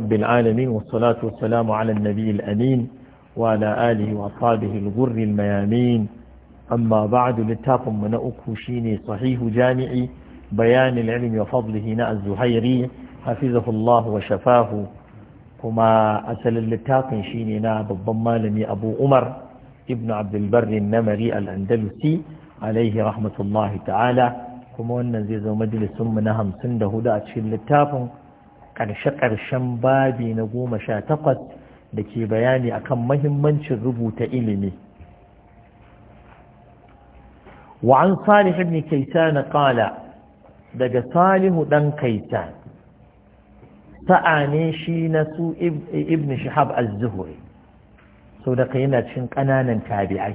رب العالمين والصلاة والسلام على النبي الأمين وعلى آله وأصحابه الغر الميامين أما بعد لتاكم من أكوشيني صحيح جامعي بيان العلم وفضله ناء الزهيري حفظه الله وشفاه كما أسل لتاكم شيني ناء بالضمالمي أبو عمر ابن عبد البر النمري الأندلسي عليه رحمة الله تعالى كما أن زيزو مجلس من هم سنده دا أتشل لتاكم ƙarshe karshen babi na goma sha takwas da ke bayani akan mahimmancin rubuta ilimi wa'an salihu ne kaita na kala daga salihu ɗan kaita sa'ane shi na su ibn shahab az-zuhri sau daga yana cin ƙananan tabi'ai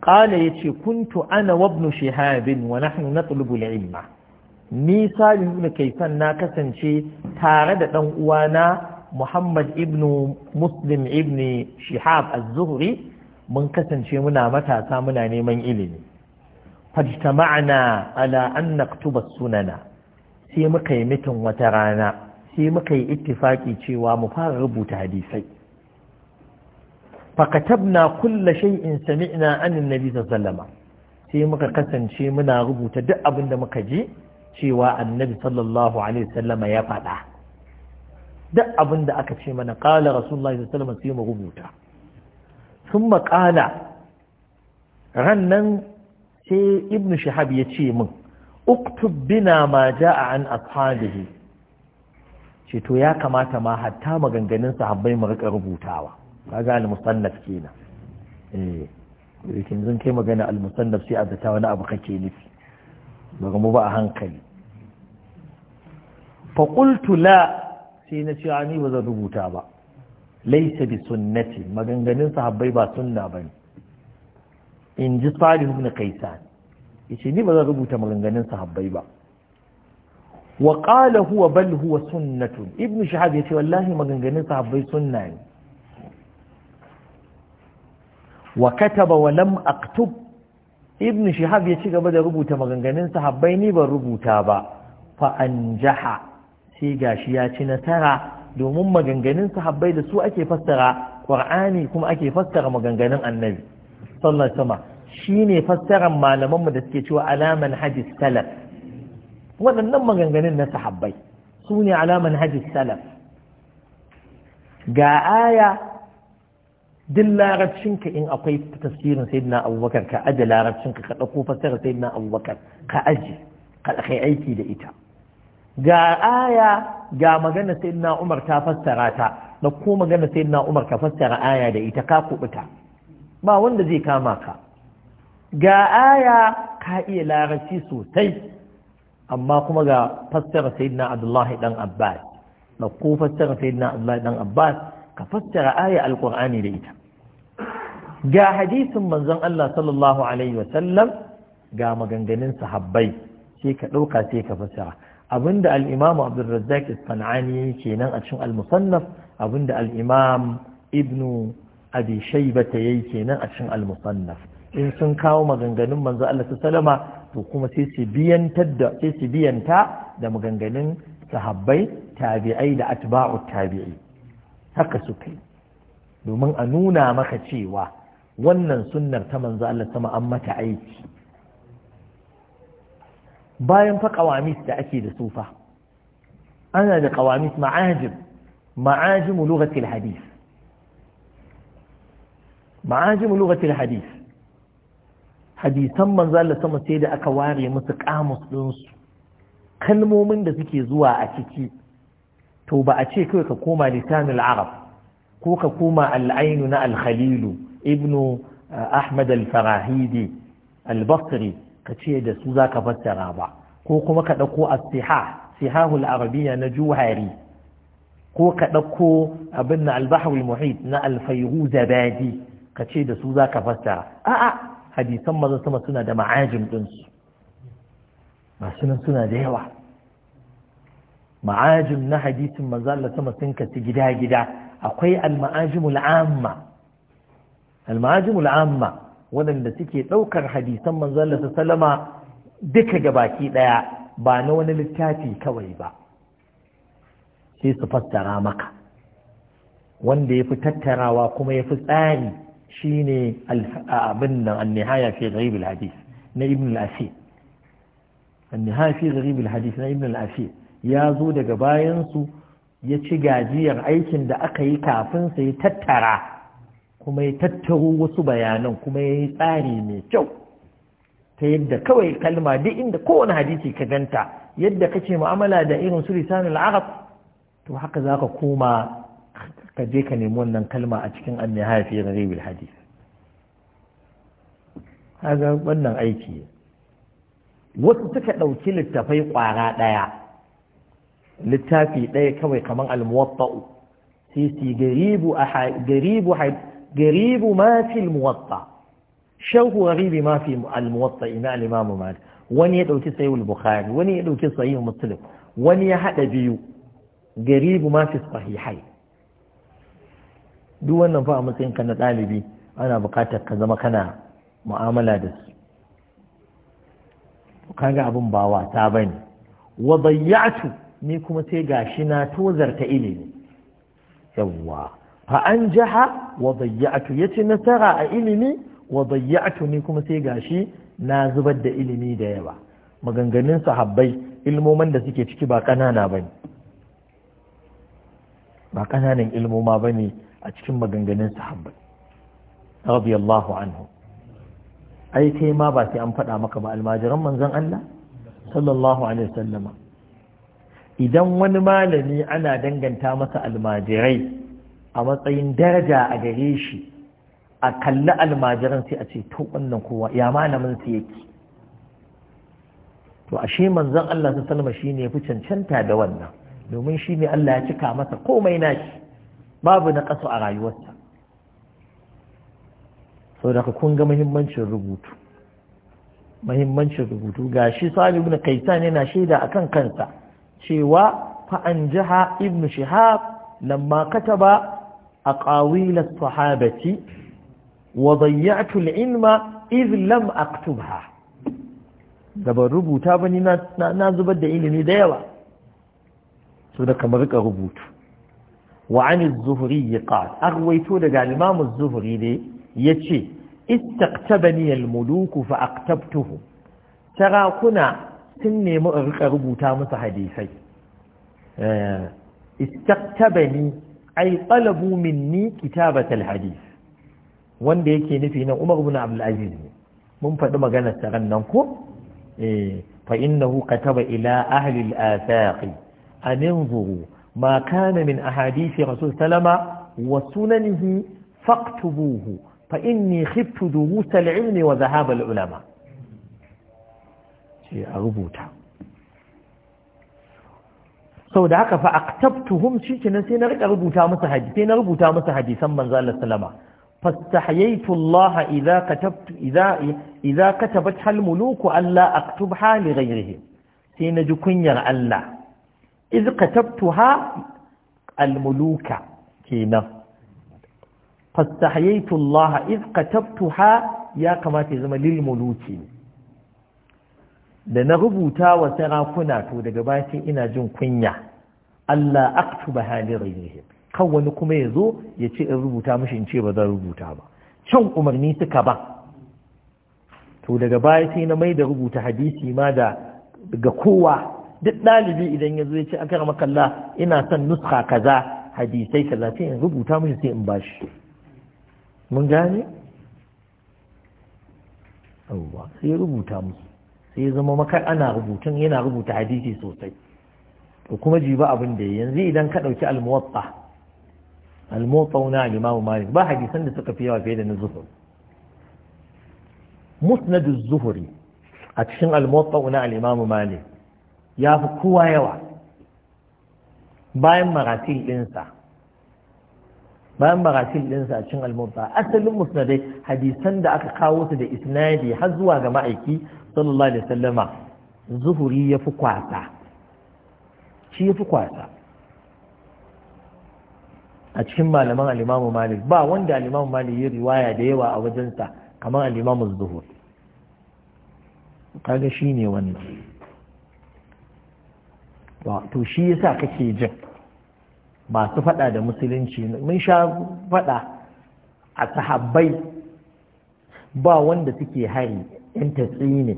ƙala ya ce kuntu ana wabnu shahabin wa nahnu na ilma ni salim ibn kaisan na kasance tare da dan uwana muhammad ibn muslim ibn shihab az-zuhri mun kasance muna matasa muna neman ilimi fajtama'na ala an naktuba sunana sai muka yi mitin wata rana sai muka yi ittifaki cewa mu fara rubuta hadisai fakatabna kulla shay'in sami'na anin nabi sallallahu alaihi wasallam sai muka kasance muna rubuta duk abin da muka ji cewa annabi sallallahu alaihi wasallama ya faɗa duk abin da aka ce mana qala rasulullahi sallallahu alaihi wasallama sai mu rubuta sun maƙala nan sai ibn shahab ya ce min uktub bina ma ja'a an ashabihi ce to ya kamata ma hatta maganganun sahabbai mu rika rubutawa kaga al-musannaf kenan eh kin zan kai magana al-musannaf sai a zata wani abu kake nufi ba mu ba a hankali faƙultu la sai na cewa ni ba zan rubuta ba laisa bi sunnati maganganun sahabbai ba sunna ba ne in ji salih ibn kaisan yace ni ba zan rubuta maganganun sahabbai ba wa qala huwa bal huwa sunnatun ibn shahab yace wallahi maganganun sahabbai sunna ne wa kataba wa lam aktub ibn shihab ya ci gaba da rubuta maganganun sahabbai ni ban rubuta ba fa anjaha sai gashi ya ci nasara domin maganganun sahabbai da su ake fassara qur'ani kuma ake fassara maganganun annabi sallallahu alaihi wasallam shine fassaran malaman mu da suke cewa alaman hadis salaf waɗannan maganganun na sahabbai su ne alaman hadis salaf ga aya duk larabcinka in akwai tasirin sayyidina abubakar ka aje larabcinka ka ɗauko fasarar sayyidina abubakar ka aje ka kai aiki da ita ga aya ga magana sayyidina umar ta fassara ta da ko magana sayyidina umar ka fassara aya da ita ka kubuta ba wanda zai kama ka ga aya ka iya larabci sosai amma kuma ga fassara sayyidina abdullahi dan abbas da ko fassara sayyidina abdullahi dan abbas ka fassara aya alkur'ani da ita ga hadisin manzon Allah sallallahu alaihi wa sallam ga maganganun sahabbai sai ka ɗauka sai ka fassara abinda al-imamu abdurrazzaq isfanani kenan a cikin al-musannaf abinda al-imam ibnu abi shaybata yayi kenan a cikin al-musannaf in sun kawo maganganun manzo Allah sallama to kuma sai su biyantar da sai su biyanta da maganganun sahabbai tabi'ai da atba'u tabi'i haka suka yi domin a nuna maka cewa wannan sunnar ta manzo Allah sama an mata aiki bayan fa qawamis da ake da sufa ana da qawamis ma'ajib ma'ajim lughati al-hadith ma'ajim lughati hadith hadisan manzo Allah sama sai da aka ware musu kamus ɗinsu, kalmomin da suke zuwa a ciki to ba a ce kawai ka koma lisanul arab ko ka koma al'ainu na al-khalilu ibnu eh, ahmad al-farahidi al-basri ka ce da su za ka fassara ba ko kuma ka ɗauko as sihahul arabiyya na juhari ko ka ɗauko abin na al muhit na al-fayru zabadi ka ce da su za ka fassara a'a hadisan maza sama suna da ma'ajin ɗinsu masu nan suna da yawa ma'ajim na hadisin manzo Allah sama sun kasu gida gida akwai al-ma'ajimul amma al-ma'ajimul amma waɗanda suke ɗaukar hadisan manzo Allah sallama duka gabaki daya ba na wani littafi kawai ba sai su fassara maka wanda ya fi tattarawa kuma ya fi tsari shine abin nan an fi gharib al na ibn al-asir fi na ibn al-asir ya zo daga bayansu ya ci gajiyar aikin da aka yi kafin sa ya tattara kuma ya tattaro wasu bayanan kuma ya yi tsari mai kyau ta yadda kawai kalma duk inda kowane hadisi ka ganta yadda kake mu'amala da irin su lisanul arab to haka zaka koma ka je ka nemi wannan kalma a cikin annihaya fi hadis kaga wannan aiki wasu suka ɗauki littafai ƙwara ɗaya littafi ɗaya kawai kamar al-muwatta'u sai su garibu garibu garibu ma fi al-muwatta shahu garibi ma fi al-muwatta ina al-imamu malik wani ya ɗauki sayi al-bukhari wani ya ɗauki sayi muslim wani ya haɗa biyu garibu ma fi sahihai duk wannan fa a matsayin ka na ɗalibi ana buƙatar ka zama kana mu'amala da su kaga abin ba wata bane wa dayyatu ni kuma sai gashi na tozarta ilimi yawwa fa an jaha wa dayya'tu yace nasara a ilimi wa dayya'tu ni kuma sai gashi na zubar da ilimi da yawa maganganun sahabbai ilmoman da suke ciki ba kanana bane ba kananan ilmoma bane a cikin maganganun sahabbai radiyallahu anhu ai kai ma ba sai an faɗa maka ba almajiran manzon Allah sallallahu alaihi wasallama idan wani malami ana danganta masa almajirai a matsayin daraja a gare shi a kalli almajiran sai a ce to wannan kowa ya malamin su yake to ashe manzon Allah ta salma shi ne fi cancanta da wannan domin shi ne Allah ya cika masa komai nashi babu na kasu a rayuwarsa sau da kun ga muhimmancin rubutu muhimmancin rubutu ga shi na ibn kaisan yana shaida akan kansa cewa fa'an jiha ibn shihab lamma kataba a ƙawilar sahabati wa bayyatul ilma izlam aktubha da ban rubuta ba ni na zubar da ilimi da yawa su da kamar ka rubutu wa an zuhri ya qal arwaito daga al zuhuri zuhri ne yace istaqtabani al-muluk fa aktabtuhu sarakuna sun nemi a rika rubuta musu hadisai eh, ni ay talabu minni kitabat hadis wanda yake nufi na Umar ibn Abdul Aziz ne mun faɗi maganar ta nan ko eh fa innahu kataba ila ahli al-athaq an yanzuru ma kana min ahadisi rasul sallama wa sunanihi faqtubuhu fa inni khiftu durus al-ilm wa dhahab al-ulama sai a rubuta sau da haka fa aktabtuhum shikenan sai na rika rubuta musu hadisi sai na rubuta musu hadisan manzo Allah sallama fastahyaytu Allah idza katabtu idza idza katabat hal muluku alla aktubha li ghayrihi sai na ji kunyar Allah iz katabtuha al muluka kenan fastahyaytu Allah iz katabtuha ya kamata ya zama lil muluki da na rubuta wa sarakuna to daga baya ina jin kunya Allah aktu ba hali ghayrihim kan wani kuma ya zo ya ce in rubuta mashi in ce ba zan rubuta ba can umarni suka ba to daga baya sai na mai da rubuta hadisi ma da ga kowa duk ɗalibi idan ya zo ya ce akar makalla ina son nuska kaza hadisai kaza sai in rubuta mushi sai in bashi mun gane? Allah sai rubuta musu sai ya zama makar ana rubutun yana rubuta hadisi sosai to kuma jiba abin da yanzu idan ka ɗauki almuwatta almuwatta na imamu malik ba hadisan da suka fi yawa fiye da na zuhur musnadu zuhuri a cikin almuwatta na al'imamu malik ya fi kowa yawa bayan maratil ɗinsa bayan maratil ɗinsa a cikin almuwatta asalin musnadai hadisan da aka kawo su da isnadi har zuwa ga ma'aiki sallallahu alaihi wasallama zuhuri ya fi kwasa shi ya fi kwasa a cikin malaman alimamu malik ba wanda alimamu malik ya riwaya da yawa a wajensa kamar alimamu zuhur kaga shi ne wannan to shi yasa kake jin masu fada da musulunci mun sha fada a sahabbai ba wanda suke hari yan tatsi ne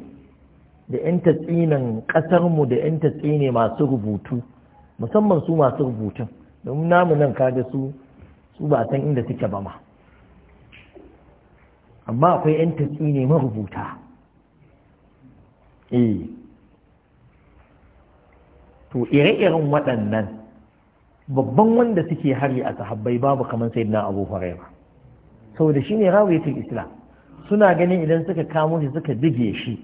da 'yan tatsinin ƙasarmu da 'yan tatsine masu rubutu musamman su masu rubutun domin namu nan kaga su su ba san inda suke ba ma amma akwai 'yan tatsine marubuta eh to ire-iren waɗannan babban wanda suke hari a sahabbai babu kamar na abu huraira saboda ne rawaitin islam suna ganin idan suka kamo shi suka dige shi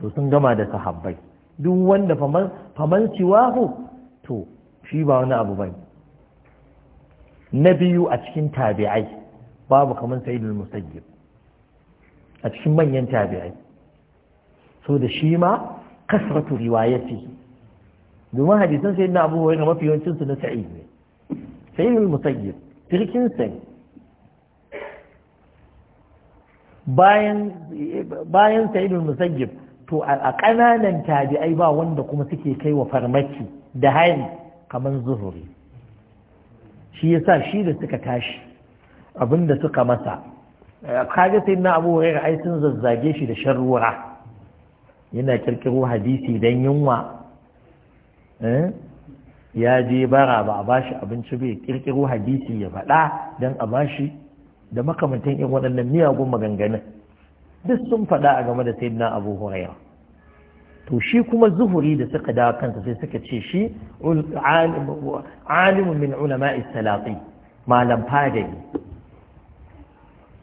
to sun gama da sahabbai duk wanda faman siwahu to shi ba wani abu bai. na biyu a cikin tabi'ai babu kamar sa'idul musayyib a cikin manyan tabi'ai so da shi ma kasratu riwayati domin hadisan sai na abubuwa ga mafi yawancin su na sa'id ne sa'idul musayyib tirkin sai bayan bayan sa'idul musayyib to a ƙananan tabi'ai ba wanda kuma suke kai wa farmaki da hari kamar zuhuri shi yasa shi da suka tashi da suka masa eh, kaga sai na abu hurairah ai sun zazzage shi da sharura yana kirkiro hadisi don yunwa eh, ya je bara ba a bashi abinci bai kirkiro hadisi ya faɗa Don a bashi da makamantan irin waɗannan miyagun maganganun duk sun faɗa a game da sayyidina abu huraira to shi kuma zuhuri da suka dawo kansa sai suka ce shi alimun min ulama isalati malam fadari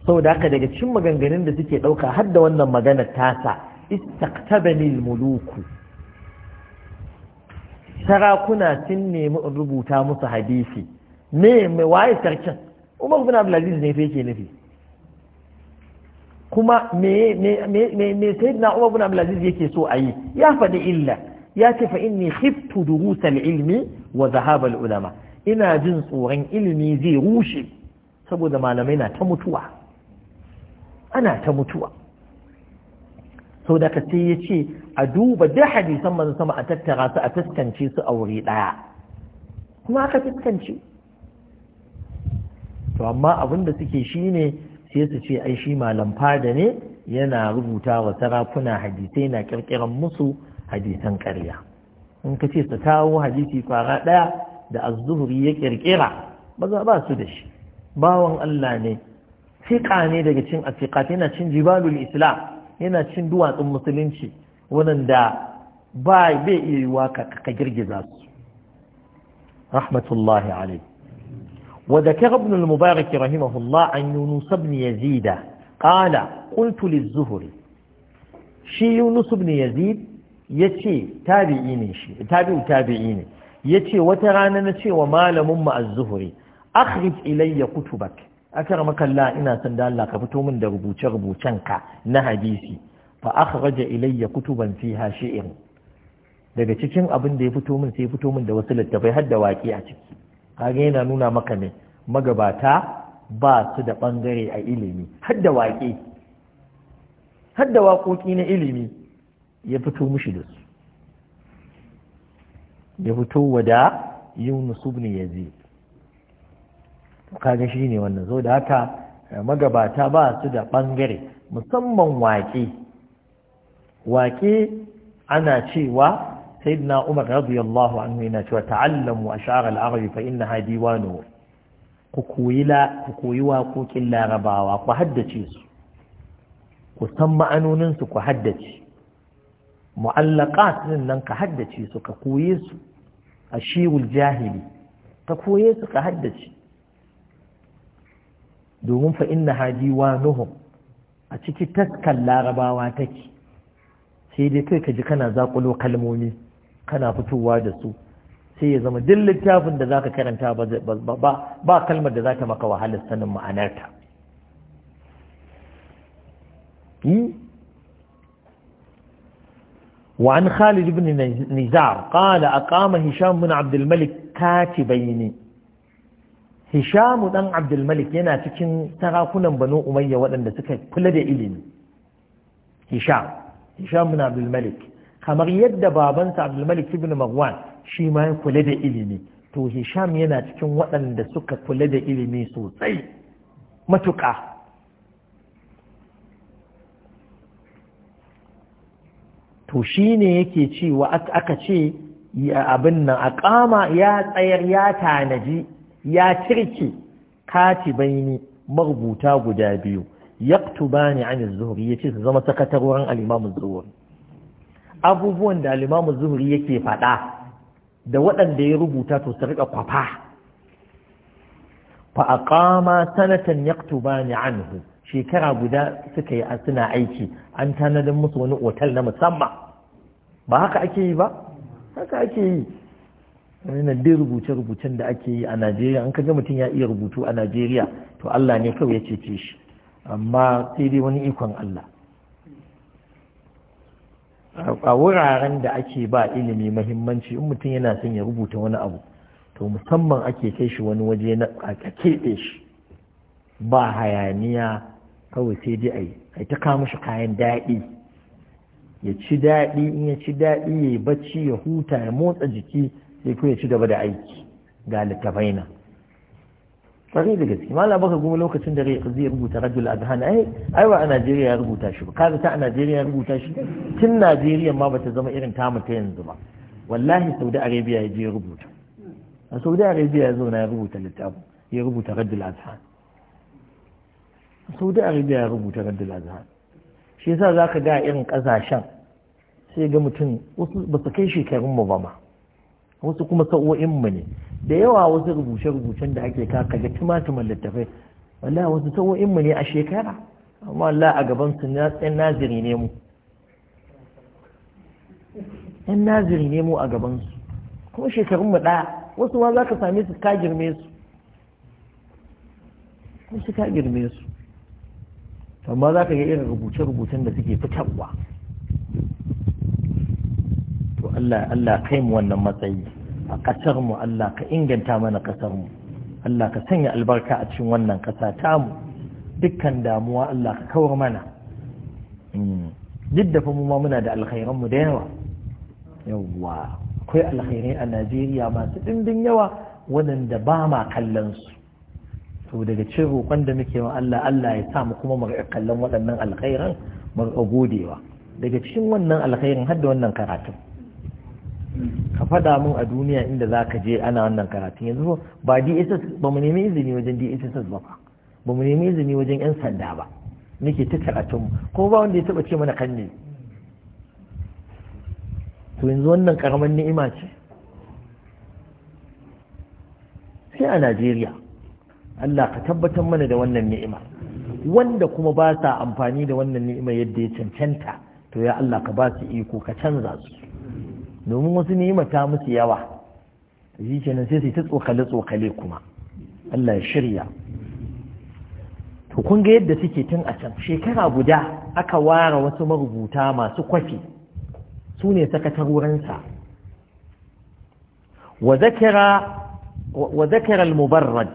sau da haka daga cikin maganganun da suke ɗauka har da wannan maganar tasa istaktabani muluku sarakuna sun nemi in rubuta musu hadisi me waye sarkin umar bin abdulaziz ne fa yake nufi kuma me me na Umar ibn Abdul yake so yi ya faɗi illa ya ce fa inni khiftu durus al-ilmi wa zahabal ulama ina jin tsoron ilimi zai rushe saboda malamai na ta mutuwa ana ta mutuwa sau da sai ya ce a duba duk hadisan manzo sama a tattara su a taskance su a wuri ɗaya kuma aka taskance to amma abin da suke shine sai su ce ai shi malam fada ne yana rubuta wa sarakuna hadisai na kirkiran musu hadisan karya. in ka ce su kawo hadisi fara ɗaya da azzuhuri ya kirkira ba za ba su da shi bawan Allah ne fiƙa ne daga cin afiƙat yana cin jibalul islam yana cin duwatsun musulunci wadanda ba bai iya yiwa ka girgiza su rahmatullahi alaihi وذكر ابن المبارك رحمه الله عن يونس بن يزيد قال قلت للزهري شي يونس بن يزيد يتي تابعيني شي تابع تابعيني يتي وترانا نتي وما لمم الزهري أخرج إلي كتبك أكرمك الله إنا سندال الله كفتو من دربوچ ربوچنك نهديسي فأخرج إلي كتبا فيها شئر daga cikin abin da ya fito min sai ya fito min da wasu littafai har da waƙi a ciki kage yana nuna maka ne magabata ba su da bangare a ilimi hadda waƙe hadda waƙoƙi na ilimi ya fito mushi da su ya fito wada yunus ibn yazid kaga shi ne wannan zo da haka eh, magabata ba su da bangare. musamman waƙe waƙe ana cewa سيدنا عمر رضي الله عنه يناتي وتعلموا أشعار العرب فإنها ديوانه كوكويلا كوكويوا كوكيلا رباوا كوحدتي كسمع أنوننس كوحدتي معلقات لنن كحدتي كوكويس الشيء الجاهلي كوكويس كحدتي دوهم فإنها ديوانهم أتكي تسكى اللا رباوا تكي sai dai kai ka ji kana zaƙulo kalmomi kana fitowa da su sai ya zama duk littafin da zaka karanta ba ba kalmar da zata maka wahalar sanin ma'anarta وعن خالد بن نزار قال أقام هشام بن عبد الملك كاتبين هشام بن عبد الملك ينا تكن تغاكنا بنو أمية وأن تكن كل دئلين هشام هشام بن عبد الملك kamar yadda babansa abdulmalik ibn marwan shi ma ya kula da ilimi to hisham yana cikin waɗanda suka kula da ilimi sosai matuƙa to shi ne yake cewa aka ce abin nan a ƙama ya tsayar ya tanaji ya cirke katibaini marubuta guda biyu yaktubani an ya ce su zama sakatarwar al-imam abubuwan da alimamu zuhuri yake faɗa da waɗanda ya rubuta to su riƙa kwafa fa ƙama sanatan ni anhu shekara guda suka yi suna aiki an tanadin musu wani otal na musamman ba haka ake yi ba haka ake yi wannan dai rubuce-rubucen da ake yi a najeriya an kaga mutum ya iya rubutu a najeriya to allah ne kawai ya cece shi amma sai dai wani ikon allah a wuraren da ake ba ilimi mahimmanci in mutum yana son ya rubuta wani abu to musamman ake kai shi wani waje na a keɓe shi ba hayaniya kawai sai dai a ta kama shi kayan daɗi ya ci daɗi in ya ci daɗi ya yi bacci ya huta ya motsa jiki sai kuma ya ci gaba da aiki ga littafai nan. kwarai da gaske malam baka goma lokacin da zai rubuta rajul adhan ai ai wa a Najeriya ya rubuta shi ba kaga ta a Najeriya ya rubuta shi tun Najeriya ma bata zama irin tamu ta yanzu ba wallahi Saudi Arabia ya je ya rubuta a Saudi Arabia ya zo na ya rubuta littafi ya rubuta rajul adhan Saudi Arabia ya rubuta rajul adhan shi yasa zaka ga irin kasashen sai ga mutum wasu ba su kai shekarun mu ba ma wasu kuma sa'o'in mu ne da yawa wasu rubuce-rubucen da ake kaka ga tumatumin littafai wallahi wasu sa'o'in mu ne a shekara amma Allah a gaban su na tsayin naziri ne mu yan naziri ne mu a gaban su kuma shekarun mu ɗaya wasu ma za ka same su ka girme su wasu ka girme su amma za ka ga irin rubuce-rubucen da suke fitarwa Allah Allah kai mu wannan matsayi a kasar mu Allah ka inganta mana kasar mu Allah ka sanya albarka a cikin wannan kasa mu. dukkan damuwa Allah ka kawar mana hmm. duk da mu ma muna da alkhairan mu da yawa yawa akwai alkhairai a Najeriya masu ɗimbin yawa waɗanda ba ma kallon su to daga cikin roƙon da muke wa Allah Allah ya sa mu kuma mu kallon waɗannan alkhairan mu godewa daga cikin wannan alkhairin har da wannan karatun ka faɗa mun a duniya inda za ka je ana wannan karatun yanzu ba dss ba mu nemi izini wajen dss ba ba mu nemi izini wajen yan sanda ba muke ta karatunmu ko ba wanda ya taɓa ce mana kan ne to yanzu wannan karamar ni'ima ce sai a najeriya allah ka tabbatar mana da wannan ni'ima wanda kuma ba sa amfani da wannan ni'ima yadda ya cancanta to ya allah ka ba su iko ka canza su domin wasu ni'ima ta musu yawa shi kenan sai ta tsokale tsokale kuma Allah ya shirya to kun ga yadda suke tun a can shekara guda aka ware wasu marubuta masu kwafi su ne wurinsa. wa zakara al-mubarrad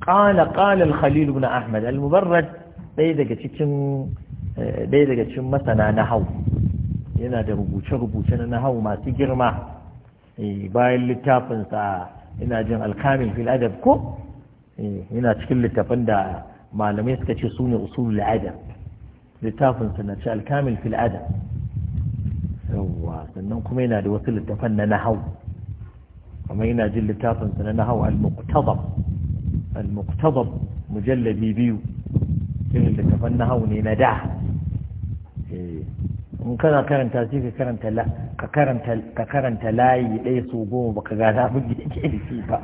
qala qala al-khalil ibn ahmad al-mubarrad daga cikin dai eh, daga cikin masana na hau yana da rubuce-rubuce na nahawu masu girma eh, bayan littafinsa ina jin alkamil fil adab ko eh, yana cikin littafin da malamai suka ce su ne usulul adab littafinsa na ce alkamil fil adab yawwa sannan kuma yana da wasu littafan na nahawu kamar yana jin littafinsa na nahawu al-muqtadab al-muqtadab mujallabi biyu irin littafan nahawu ne na da eh, in kana karanta shi ka karanta la ka karanta ka karanta layi ɗaya su goma baka ga na mun yake da shi ba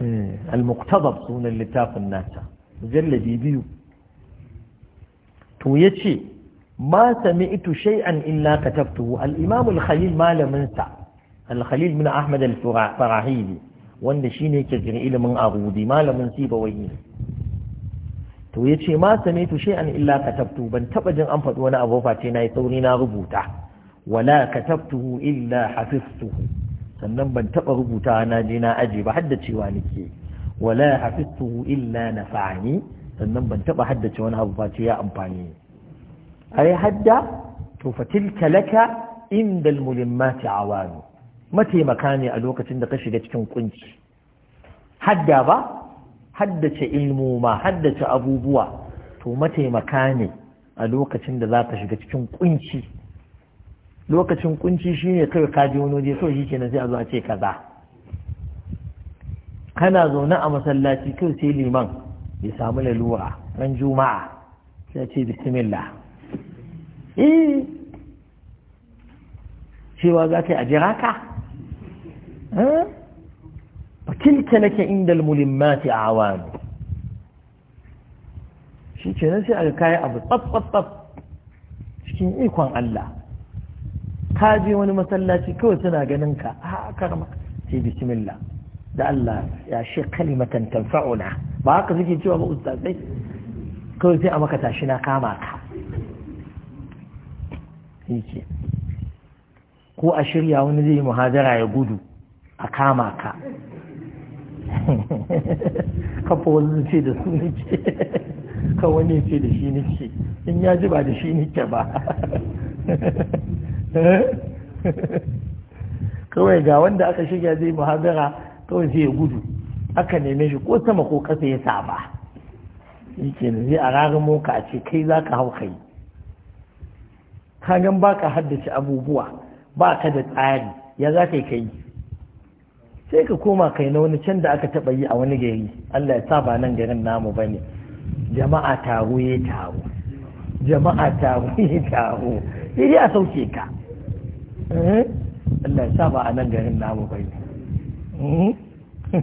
eh, al-muqtadab sunan littafin nasa mujalladi biyu to yace ma sami'tu shay'an illa katabtuhu al-imam al-khalil malamin sa al-khalil min ahmad al-farahili wanda shine yake jin ilimin abudi malamin sibawai ne to ya ce ma same tu shay'an illa katabtu ban taba jin an faɗi wani abu face na yi sauri na rubuta wala katabtuhu illa hafiztuhu sannan ban taba rubuta na je na aje ba haddacewa nake wala hafiztuhu illa nafa'ani sannan ban taba haddace wani abu face ya amfani ai hadda to fatilka laka inda almulimmati awanu mataimaka ne a lokacin da ka shiga cikin kunci hadda ba haddace ilmoma haddace abubuwa to mataimaka ne a lokacin da za ka shiga cikin kunci lokacin kunci shine kai ka je wani waje kawai shikenan sai a zo a ce kaza kana zaune a masallaci kai sai liman ya samu lalura ran juma'a sai ce bismillah eh cewa za ka yi a jira ka eh? fakilka nake inda mulimmati a awani shi ke nan sai aka kayan abu tsaf cikin ikon Allah ka je wani masallaci kawai suna ganin ka ah, a karama sai bismillah da Allah ya shi kalimatan tanfa'una ba haka suke cewa ba ustazai kawai sai a maka tashi na kama ka ko a shirya wani zai yi muhadara ya gudu a kama ka kafa wani ce da su nake ka wani ce da shi nake in ya ji ba da shi nake ba kawai ga wanda aka shiga zai muhazara kawai zai ya gudu aka neme shi ko sama ko kasa ya saba yake da zai a raramo moka a ce kai za ka hau kai kagan ba ka haddace abubuwa ba ka da tsari ya za ka yi kai sai ka koma kai na wani can da aka taɓa yi a wani gari Allah ya sa ba nan garin namu ba ne jama'a taro ya taro jama'a taro ya taro sai dai a sauke ka eh? Allah ya sa ba a nan garin namu ba ne eh?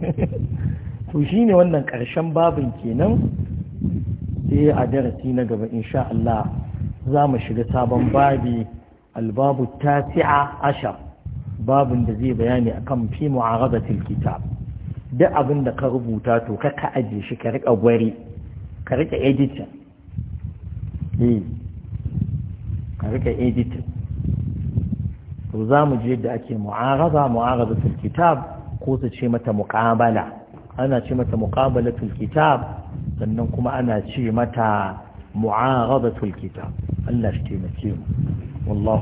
to shine wannan ƙarshen babin kenan sai a darasi na gaba insha Allah za mu shiga sabon babi albabu tasi'a ashar babin da zai bayani akan fi mu'aradatil kitab duk abin da ka rubuta to ka ka aje shi ka rika gwari ka rika editin eh ka rika editin to za mu je da ake mu'arada mu'aradatul kitab ko su ce mata muqabala ana ce mata muqabalatul kitab sannan kuma ana ce mata mu'aradatul kitab Allah shi mu wallahi